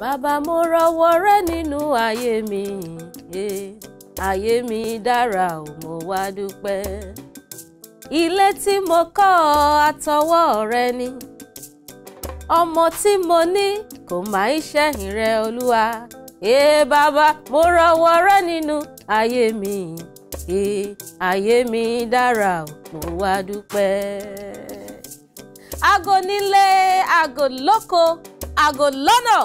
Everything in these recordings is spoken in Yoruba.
bàbá mo rọwọ́ rẹ nínú ayé mi ayé mi dára ò mo wá dúpẹ́ ilé tí mo kọ́ àtọwọ́ rẹ ni ọmọ tí mo ní kò má ìṣẹ́yìn rẹ olúwa ee bàbá mo rọwọ́ rẹ nínú ayé mi ayé mi dára ò mo wá dúpẹ́ ago nílé ago lóko ago lọ́nà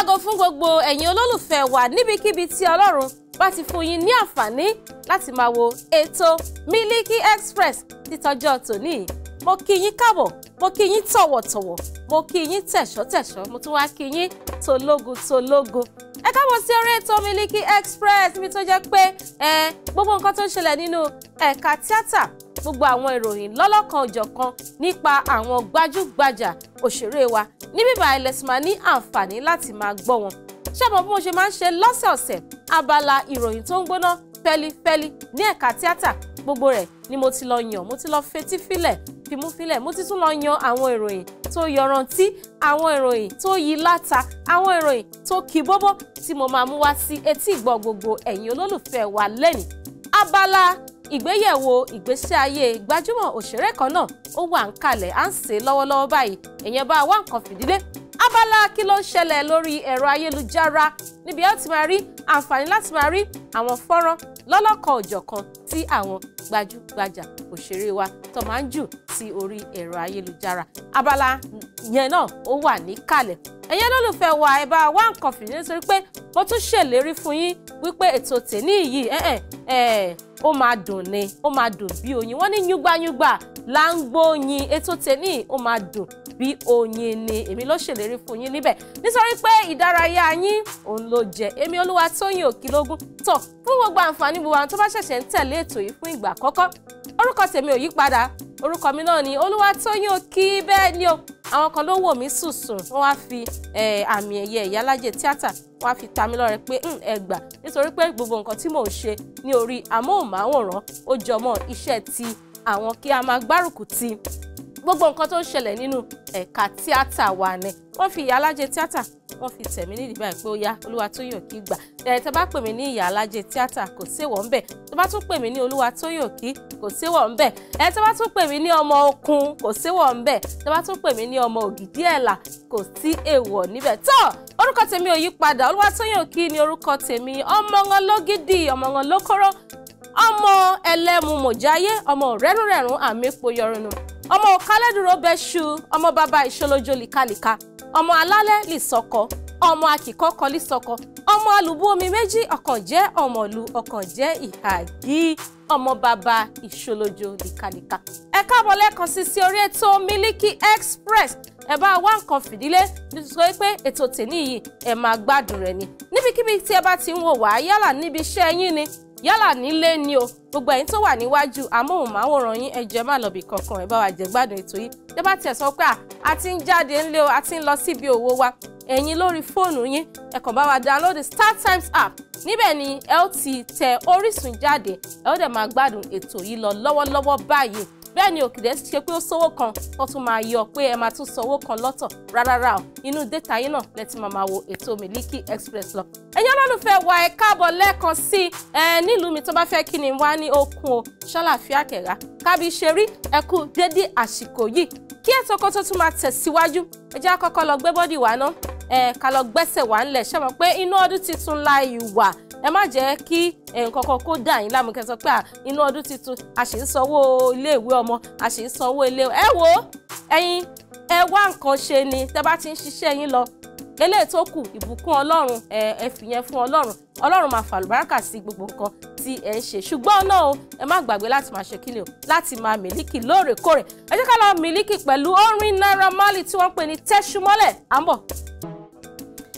ago fún gbogbo ẹ̀yin olólùfẹ́ wa níbikíbi tí ọlọ́run bá ti fún yín ní àǹfààní láti máa wo ètò Miliki Express títọ́jọ́ tòní yìí mo kí yín káàbọ̀ mo kí yín tọ̀wọ̀tọ̀wọ̀ mo kí yín tẹ̀ṣọ́tẹ̀ṣọ́ mo tún wá kí yín tológo tológo ẹ káàbọ̀ sí orí ètò Miliki Express níbi tó jẹ́ pé gbogbo nǹkan tó ń ṣẹlẹ̀ nínú ẹ̀ka tíátà gbogbo àwọn ìròyìn lọ́lọ́kan òjọ̀kan nípa àwọn gbajúgbajà òṣèré wa ní bíbá ẹlẹ́sìnmá ní àǹfààní láti máa gbọ́ wọn. ṣé mo bí mo ṣe máa ń ṣe lọ́sẹ̀ọ̀sẹ̀ abala ìròyìn tó ń gbóná fẹ́lifẹ́li ní ẹ̀ka tíátà gbogbo rẹ̀ ni mo ti lọ yàn mo ti lọ fetí filẹ̀ fimú filẹ̀ mo ti tún lọ yan àwọn ìròyìn tó yọrantí àwọn ìròyìn tó yí láta àwọn ìròyìn tó kì bọ́bọ́ tí mo máa mú wá sí etí ìgbọ́ gbogbo ẹ̀yin olólùfẹ́ wa lẹ́nìí abala ìgbéyẹ̀wò ìgbésí ayé gbajúmọ̀ òṣèré kan náà ó wà ń kalẹ̀ à ń ṣe lọ́wọ́lọ́wọ́ báyìí èèyàn bá wá nǹkan fìdílé abala kí ló ń ṣẹlẹ̀ lórí ẹ̀rọ ayélujára níbi ẹ ti máa rí àǹfààní láti máa rí àwọn fọ́nrán lọ́lọ́kan òjọ̀kan tí àwọn gbajúgbajà òṣèré wa tó máa ń jù sí orí ẹ̀rọ ayélujára abala yẹn náà ó wà níkàlẹ̀ ẹ̀yẹ́ lólùfẹ́ wa ẹ bá wá nǹkan fìdílé nítorí pé wọ́n tún ṣèlérí fún yín wípé ètò tèní yìí ẹ̀ ẹ̀ ó máa dùn ni ó máa dùn bí oyin wọ́n ní yúgbáyúgbà là ń gbóyin ètò tèní ó máa dùn bí oyin ni èmi ló ṣèlérí fún yín níbẹ̀ nítorí pé ìdárayá yín òun ló jẹ èmi olúwa tóyìn òkìlógún tọ̀ fún gbogbo àǹfààní gbogbo àwọn tó bá ṣẹ̀ṣẹ̀ ń tẹ̀lé ètò yìí fún ìgbà àkọ́kọ́ orúkọ tèmi ò yí padà orúkọ mi náà ni olúwa tóyìn òkì bẹ́ẹ̀ ni o àwọn kan ló wò mí sùsùn wọ́n wá fi àmì ẹ̀yẹ ìyálájẹ tíátà wọ́n á fi ta mí lọ́rẹ pé hmm, ẹgbà nítorí pé gbogbo nǹkan tí mò ń ṣe ní orí amóhùnmáwòrán ó jọmọ́ iṣẹ́ ti àwọn kí a máa gbárùkù ti gbogbo nǹkan tó ń ṣẹlẹ̀ nínú ẹ̀ka tíátà wa ni wọ́n fi ìyálájẹ tíátà wọ́n fi tẹ̀mí nídìí báyìí pé ó yá Olúwatóyìn kí gbà ẹ tẹ bá pè mí ní ìyá alájẹ tíátà kò séwọ̀ ń bẹ̀ tẹ bá tún pè mí ní olúwa tóyè òkí kò séwọ̀ ń bẹ̀ ẹ tẹ bá tún pè mí ní ọmọ okun kò séwọ̀ ń bẹ̀ tẹ bá tún pè mí ní ọmọ ògidì ẹ̀là kò sí èèwọ̀ níbẹ̀ tó orúkọ tèmi ò yí padà olúwa tóyè òkí ni orúkọ tèmi ọmọ wọn lógidì ọmọ wọn lókóró ọmọ ẹlẹ́mu mọ̀jáyé ọmọ rẹ́rùnrẹ́rùn àmì epo yọrùnù ọmọ òkálẹ́dùrọ̀ bẹ́ṣu ọmọ bàbá ìṣolójó líkalíka ọmọ alálẹ́ lìsọkọ ọmọ akìkọ́kọ lìsọkọ ọmọ alùbú omi méjì ọ̀kan jẹ́ ọmọlù ọ̀kan jẹ́ ìhàgí ọmọ bàbá ìṣolójo líkalíka ẹ káàbọ̀ lẹ́ẹ̀kan sí sí orí ètò Miliki Express ẹ bá wá nǹkan fìdílé nítorí pé ètò tèmi yìí ẹ máa gbádùn rẹ̀ ni níbikíbi tí ẹ bá ti ń wò wá yálà níbi iṣẹ́ yín ni yálà nílé ni o gbogbo ẹ̀yin tó wà níwájú amóhùnmáwòrán yín ẹ má lọ kankan ẹ bá wa jẹ gbádùn ètò yìí tẹ́ bá tiẹ̀ sọ pé à á ti ń jáde ńlé o a ti ń lọ síbi òwò wa ẹ̀yin lórí fóònù yín ẹ kàn bá wa download the Times app níbẹ̀ ni ẹ ó ti tẹ Orísun jáde ẹ ó dẹ̀ máa gbádùn ètò yìí lọ lọ́wọ́lọ́wọ́ báyìí bẹ́ẹ̀ ni òkìdẹ́ ṣe pé ó sówó kan ó tún máa yọ pé ẹ máa tún sanwó kan lọ́tọ̀ rárára o inú déta yín náà lẹ́tí máa máa wo ètò Miliki Express lọ. ẹ̀yin olólùfẹ́ wa ẹ káàbọ̀ lẹ́ẹ̀kan sí ẹ nílùú mi tó bá fẹ́ kí ni wá ní okun o ṣàlàfíà kẹ̀rà kábí ṣe rí ẹ kú dédé àsìkò yìí kí ètò kan tó tún máa tẹ̀síwájú ẹ jẹ́ lọ gbé bọ́dì wá náà ká lọ gbẹ́sẹ̀ wá ńlẹ̀ ṣé mọ̀ pé inú ọdún tuntun la ìwà ẹ má jẹ́ kí nǹkan kan kó dà yín láàmú kẹsàn pé inú ọdún tuntun a sì ń sanwó iléèwé ọmọ a sì ń sanwó ilé ẹ wo ẹ̀yin ẹ wá nǹkan ṣe ni tẹ bá ti ń ṣiṣẹ́ yín lọ eléyìí tó kù ìbùkún ọlọ́run ẹ ẹ fìyẹn fún ọlọ́run ọlọ́run máa fàlùbáràkà sí gbogbo nǹkan tí ẹ ń ṣe ṣùgbọ́n náà o ẹ má gbàgbé láti máa ṣe kíni o láti máa mílíkì lóòrèkóòrè ẹ jẹ́ ká lọ mílíkì pẹ̀lú orin Naira Marley tí wọ́n pè ní tẹ́ṣúmọ́lẹ̀ à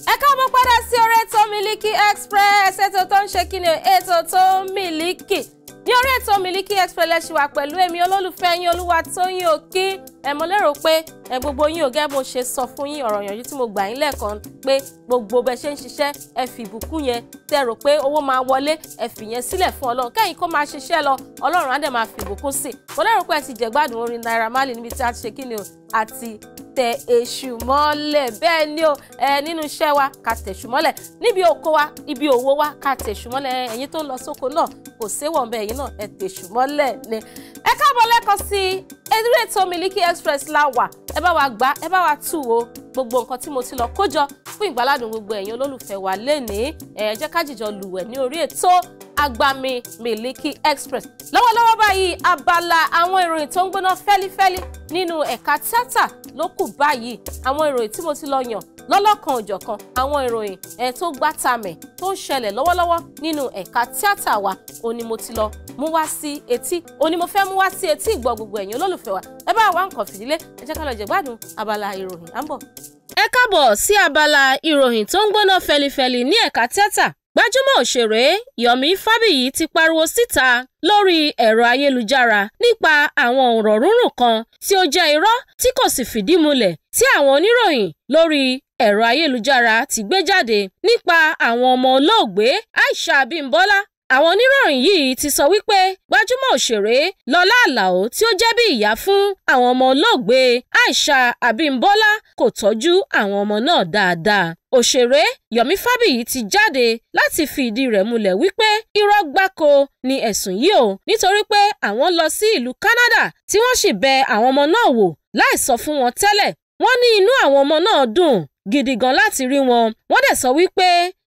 ẹ káàbọ̀ padà sí orí ètò Miliki Express ètò tó ń ṣe kí ni ètò tó ń miliki ní orí ètò Miliki Express lẹ ṣì wà pẹ̀lú èmi olólùfẹ́ yín Olúwatóyìn Òkí ẹ mọ lérò pé ẹ gbogbo yín ò gẹ́ mo ṣe sọ fún yín ọ̀rọ̀ yànjú tí mo gbà yín lẹ́ẹ̀kan pé gbogbo bẹ ṣe ń ṣiṣẹ́ ẹ fi ìbùkún yẹn tẹ́ rò pé owó máa wọlé ẹ fi yẹn sílẹ̀ fún Ọlọ́run kẹ́yìn kó máa ṣiṣẹ́ lọ Ọlọ́run á dẹ̀ máa fi ìbùkún sí mo lérò pé ẹ ti jẹ̀gbádùn orin Naira Marley níbi tí a ti ṣe kí ni o àti tẹ èṣù mọ́lẹ̀ bẹ́ẹ̀ ni o ẹ nínú iṣẹ́ wa ká tẹ èṣù mọ́lẹ̀ níbi oko wa ibi òwò wa ká tẹ èṣù mọ́lẹ̀ ẹ̀yin tó ń lọ sóko náà kò séwọ̀ ń bẹ ẹ̀yin náà ẹ tẹ èṣù mọ́lẹ̀ ni. ẹ káàbọ̀ lẹ́kọ̀ọ́ sí eré ètò Miliki Express la wà ẹ bá wa gbà ẹ bá wa tù wo gbogbo nǹkan tí mo ti lọ kójọ fún ìgbàládùn gbogbo ẹ̀yin olólùfẹ́ wa lénìí ẹ jẹ́ lùwẹ̀ ní orí ètò agbami miliki express lọ́wọ́lọ́wọ́ báyìí abala àwọn ìròyìn tó ń gbóná fẹ́lifẹ́li nínú ẹ̀ka tíátà ló kù báyìí àwọn ìròyìn tí mo ti lọ yàn lọ́lọ́kan òjọ̀kan àwọn ìròyìn ẹ̀ tó gbátamẹ̀ tó ń ṣẹlẹ̀ lọ́wọ́lọ́wọ́ nínú ẹ̀ka tíátà wa òní mo ti lọ mú wá sí etí òní mo fẹ́ mú wá sí etí ìgbọ́ gbogbo ẹ̀yin olólùfẹ́ wa ẹ bá wa nǹkan fìdílé ẹ jẹ́ ká lọ jẹ̀gbádùn abala ìròyìn à ń bọ̀. ẹ káàbọ̀ sí abala ìròyìn tó ń gbóná fẹlifẹli ní ẹ̀ka tíátà gbajúmọ̀ òṣèré yomi fábíyì ti pariwo síta lórí ẹ̀rọ ayélujára nípa àwọn ọ̀rọ̀ rúnrún kan tí ó jẹ́ irọ́ tí kò sì fìdí múlẹ̀ tí àwọn oníròyìn lórí ẹ̀rọ ayélujára ti gbé jáde nípa àwọn ọmọ olóògbé aisha abimbola àwọn oníròyìn yìí ti sọ wípé gbajúmọ̀ òṣèré lọ́lá àlàó tí ó jẹ́ bí ìyá fún àwọn ọmọ olóògbé aisha abimbola kò tọ́jú àwọn ọmọ náà dáadáa òṣèré yomi fabiyi ti jáde láti fi rẹ̀ múlẹ̀ wípé irọ́ gbáko ni ẹ̀sùn yìí o nítorí pé àwọn lọ sí ìlú canada tí wọ́n sì bẹ àwọn ọmọ náà wò láì sọ fún wọn tẹ́lẹ̀ wọ́n ní inú àwọn ọmọ náà dùn gidi gan láti rí wọn wọ́n dẹ̀ sọ wípé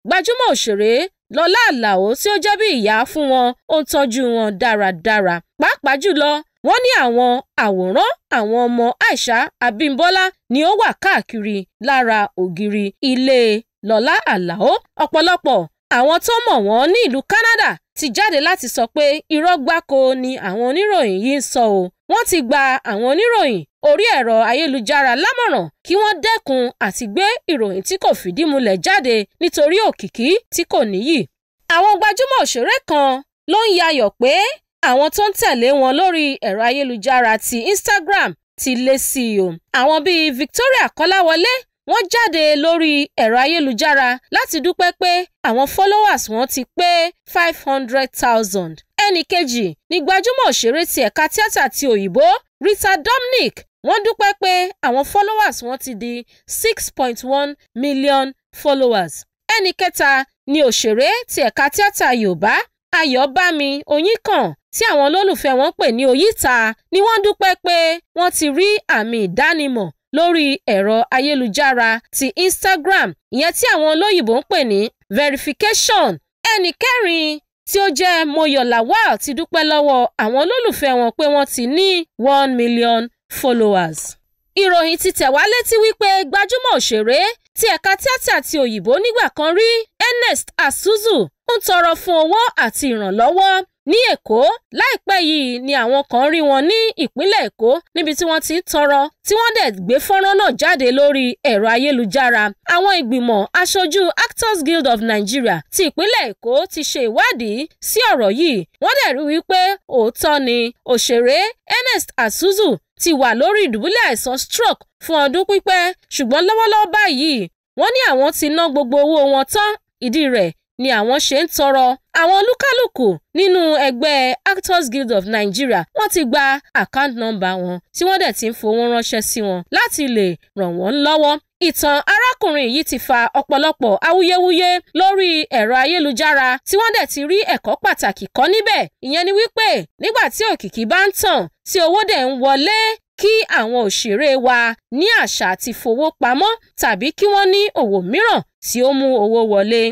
gbajúmọ̀ òṣèré lọ́lá àlàó tí ó jẹ́ bí ìyá fún wọn ó ń tọ́jú wọn dáradára pàápàá jùlọ wọ́n ní àwọn àwòrán àwọn ọmọ aisha abimbola ni ó wà káàkiri lára ògiri ilé lọ́lá àlàó ọ̀pọ̀lọpọ̀ àwọn tó mọ̀ wọ́n ní ìlú Canada ti jáde láti sọ pé irọ́ gbáko ni àwọn oníròyìn yìí ń sọ o wọ́n ti gba àwọn oníròyìn orí ẹ̀rọ ayélujára lámọ̀ràn kí wọ́n dẹ́kun àti gbé ìròyìn tí kò fìdí múlẹ̀ jáde nítorí òkìkí tí kò níyì. àwọn gbajúmọ̀ òṣèré kan ló ń yayọ̀ pé àwọn tó ń tẹ̀lé wọn lórí ẹ̀rọ ayélujára ti Instagram ti lé sí i o. àwọn bíi Victoria Kọ́láwọlé wọ́n jáde lórí ẹ̀rọ ayélujára láti dúpẹ́ pé àwọn followers wọn ti pé five hundred thousand. ẹnì kejì ni gbajúmọ̀ òṣèré ti ẹ̀ka tíátà ti òyìnbó Rita Dominic wọ́n dúpẹ́ pé àwọn followers wọn ti di six point one million followers. ẹnì kẹta ni òṣèré ti ẹ̀ka tíátà yorùbá ayọ̀bámi oyinkan tí àwọn olólùfẹ́ wọn pè ní oyita ni wọ́n dúpẹ́ pé wọ́n ti rí àmì ìdánimọ̀ lórí ẹ̀rọ ayélujára ti instagram ìyẹn tí àwọn olóyìnbó ń pè ní verification ẹnì kẹrin tí ó jẹ́ moyo lawal ti dúpẹ́ lọ́wọ́ àwọn olólùfẹ́ wọn pé wọ́n ti ní one million followers. ìròyìn ti tẹ̀ wá létí wípé gbajúmọ̀ òṣèré ti ẹ̀ka tíátà ti òyìnbó nígbà kan rí Ernest Asuzu ń tọrọ fún owó àti ìrànlọ́wọ́ ní Èkó láìpẹ́ yìí ni àwọn kan rí wọn ní ìpínlẹ̀ Èkó níbi tí wọ́n ti ń tọrọ tí wọ́n dẹ̀ gbé fọ́nrán náà jáde lórí ẹ̀rọ ayélujára àwọn ìgbìmọ̀ aṣojú Actors Guild of Nigeria ti ìpínlẹ̀ Èkó ti ṣe ìwádìí sí ọ̀rọ̀ yìí wọ́n dẹ̀ rí wípé òótọ́ ni òṣèré Ernest Asuzu ti wà lórí ìdùbúlẹ̀ àìsàn stroke fún ọdún pípẹ́ ṣùgbọ́n lọ́wọ́lọ́wọ́ báyìí wọ́n ní àwọn ti ná gbogbo owó wọn tán ìdí rẹ̀ ni àwọn ṣe ń tọrọ àwọn olúkálùkù nínú ẹgbẹ́ Actors Guild of Nigeria wọ́n ti gba account number wọn tí wọ́n dẹ̀ ti ń fowó ránṣẹ́ sí wọn láti lè ràn wọ́n lọ́wọ́ ìtàn arákùnrin yìí ti fa ọ̀pọ̀lọpọ̀ awuyewuye lórí ẹ̀rọ ayélujára tí wọ́n dẹ̀ ti rí ẹ̀kọ́ pàtàkì kọ́ níbẹ̀ ìyẹn ni wípé nígbà tí òkìkí bá ń tàn tí owó dẹ̀ ń wọlé kí àwọn òṣèré wa ní àṣà àti fowó pamọ́ tàbí kí wọ́n ní òwò mìíràn tí ó mú owó wọlé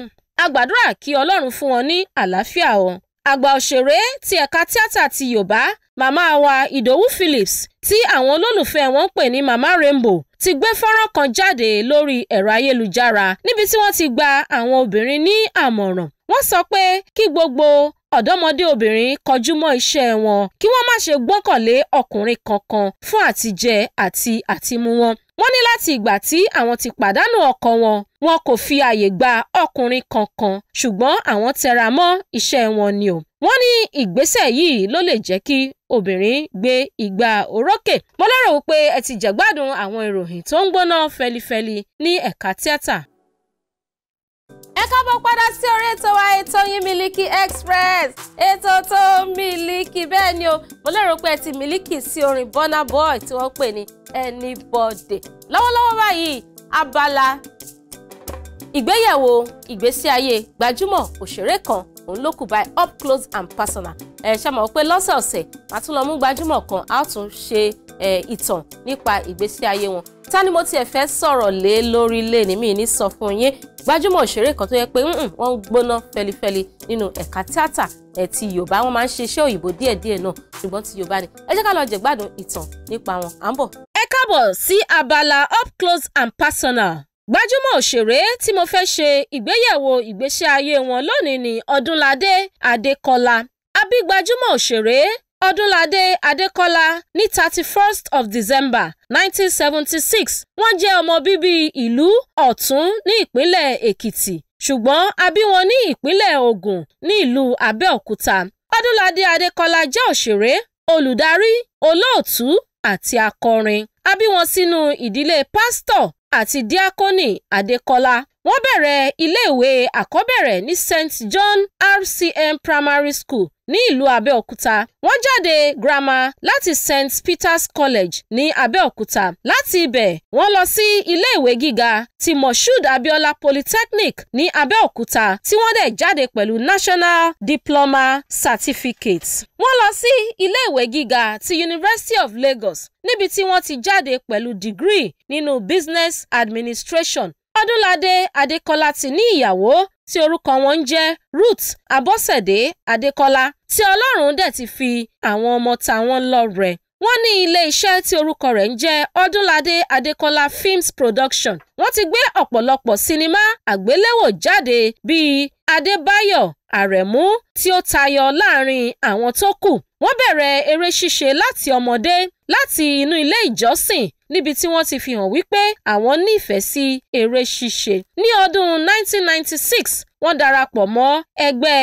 a gbàdúrà kí ọlọ́run fún wọn ní àlàáfíà o àgbà òṣèré ti ẹ̀ka tíátà ti yorùbá màmá wa ìdòwú phillips tí àwọn olólùfẹ́ wọn ń pè ní mama rainbow ti gbé fọ́nrán kan jáde lórí ẹ̀rọ ayélujára níbi tí wọ́n ti gba àwọn obìnrin ní àmọ̀ràn wọ́n sọ pé kí gbogbo ọ̀dọ́mọdé obìnrin kọjú mọ́ iṣẹ́ wọn kí wọ́n má ṣe gbọ́kànlé ọkùnrin kankan fún àtijẹ àti àtimú wọn. wọ́n ní láti ìgbà tí àwọn ti pàdánù ọkọ wọn wọn kò fi àyè gba ọkùnrin kankan ṣùgbọ́n àwọn tẹra mọ́ iṣẹ́ wọn ni o. wọ́n ní ìgbésẹ̀ yìí ló lè jẹ́ kí obìnrin gbé igbá orókè. mo lérò wípé ẹ ti jẹ̀gbádùn àwọn ìròyìn tó ń gbóná fẹlifẹli ní ẹ̀ka tíátà ẹ káàbọ̀ padà sí orí ètò wa ètò yín Miliki Express ètò tó Miliki bẹ́ẹ̀ ni o mo lérò pé ẹ ti Miliki sí orin Burna Boy tí wọ́n pè ní Anybody lọ́wọ́lọ́wọ́ báyìí abala ìgbéyẹ̀wò ìgbésí ayé gbajúmọ̀ òṣèré kan òun ló kù báyìí up close and personal ẹ ṣe mọ̀ pé lọ́sọ̀ọ̀sẹ̀ màá tún lọ mú gbajúmọ̀ kan á tún ṣe ìtàn nípa ìgbésí ayé wọn ta ni mo tiẹ̀ fẹ́ sọ̀rọ̀ lé lórí ní mi ní sọ fún yín gbajúmọ̀ òṣèré kan tó yẹ pé wọ́n ń gbóná fẹlifẹli nínú ẹ̀ka tíátà ti yorùbá wọ́n máa ń ṣe iṣẹ́ òyìnbó díẹ̀díẹ̀ náà ṣùgbọ́n ti yorùbá ni ẹ jẹ́ ká lọ jẹ̀gbádùn ìtàn nípa wọn à ń bọ̀. ẹ káàbọ̀ sí abala up close and personal gbajúmọ̀ òṣèré tí mo fẹ́ ṣe ìgbéyẹ̀wò ìgbésí ayé wọn lónìí ní ọdúnládé adékọlá abígbajúmọ̀ òṣèré ọdúnládé adékọ́lá ní thirty first of december nineteen seventy six wọ́n jẹ́ ọmọ bíbí ìlú ọ̀tún ní ìpínlẹ̀ èkìtì ṣùgbọ́n a bí wọn ní ìpínlẹ̀ ògùn ní ìlú abẹ́òkúta ọdúnládé adékọ́lá jẹ́ òṣèré olùdarí olóòtú àti akọrin a bí wọn sínú ìdílé pásítọ̀ àti díákónì adékọ́lá wọ́n bẹ̀rẹ̀ iléèwé àkọ́bẹ̀rẹ̀ ní st john rcm primary school ní ìlú abẹ́òkúta wọ́n jáde girama láti st peter's college ní abẹ́òkúta láti ibẹ̀ wọ́n lọ sí iléèwé gíga ti moshood abiola polytechnic ní abẹ́òkúta tí wọ́n dẹ̀ jáde pẹ̀lú national diploma certificate. wọ́n lọ sí iléèwé gíga ti university of lagos níbi tí wọ́n ti jáde pẹ̀lú degree nínú business administration ọdúnládé adékọlá ti ní ìyàwó tí orúkọ wọn ń jẹ́ ruth abọ́sẹ̀dé adékọlá tí ọlọ́run dẹ̀ ti fi àwọn ọmọ táwọn lọ́rẹ wọ́n ní ilé-iṣẹ́ tí orúkọ rẹ̀ ń jẹ́ ọdúnládé adékọlá films production wọ́n ti gbé ọ̀pọ̀lọpọ̀ sinimá àgbéléwò jáde bíi adébáyọ̀ àrẹ̀mú tí ó tayọ láàrin àwọn tó kù wọ́n bẹ̀rẹ̀ eré ṣíṣe láti ọmọdé láti inú ilé ìjọsìn níbi tí wọ́n ti fi hàn wípé àwọn nífẹ̀ẹ́ sí eré ṣíṣe. Ní ọdún 1996, wọ́n darapọ̀ mọ́ ẹgbẹ́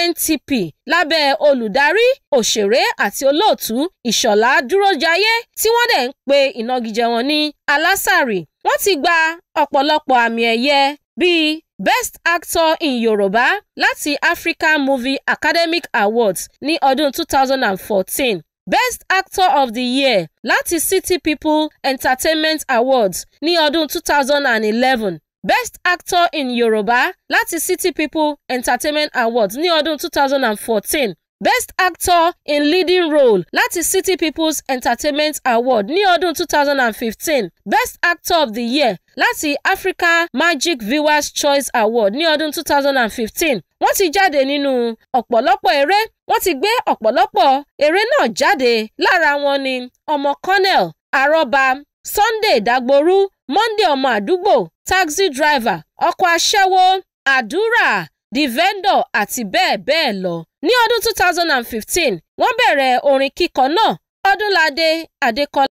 ANTP lábẹ́ olùdarí òṣèré àti olóòtú Ìṣọ̀lá Dúrójayé tí wọ́n dẹ̀ ń pe ìnagijẹ wọn ní Alásàrì. Wọ́n ti gba ọ̀pọ̀lọpọ̀ àmì ẹ̀yẹ bíi Best Actor in Yorùbá láti African Movie Academic Awards ní ọdún 2014. Best Actor of the Year láti City People Entertainment Awards ní ọdún 2011 Best Actor in Yorùbá láti City People Entertainment Awards ní ọdún 2014 Best Actor in Leading Role láti City People's Entertainment Award ní ọdún 2015 Best Actor of the Year láti Africa Magic Viewers Choice Award ní ọdún 2015 wọ́n ti jáde nínú ọ̀pọ̀lọpọ̀ eré wọ́n ti gbé ọ̀pọ̀lọpọ̀ eré náà jáde lára wọn ní ọmọ colonel arọ́ba sunday dagboru monday ọmọ àdúgbò taxi driver ọkọ̀ aṣẹ́wó àdúrà the vendor àti bẹ́ẹ̀ bẹ́ẹ̀ lọ. ní ọdún 2015 wọ́n bẹ̀rẹ̀ orin kíkọ náà ọdúnládé adékọlá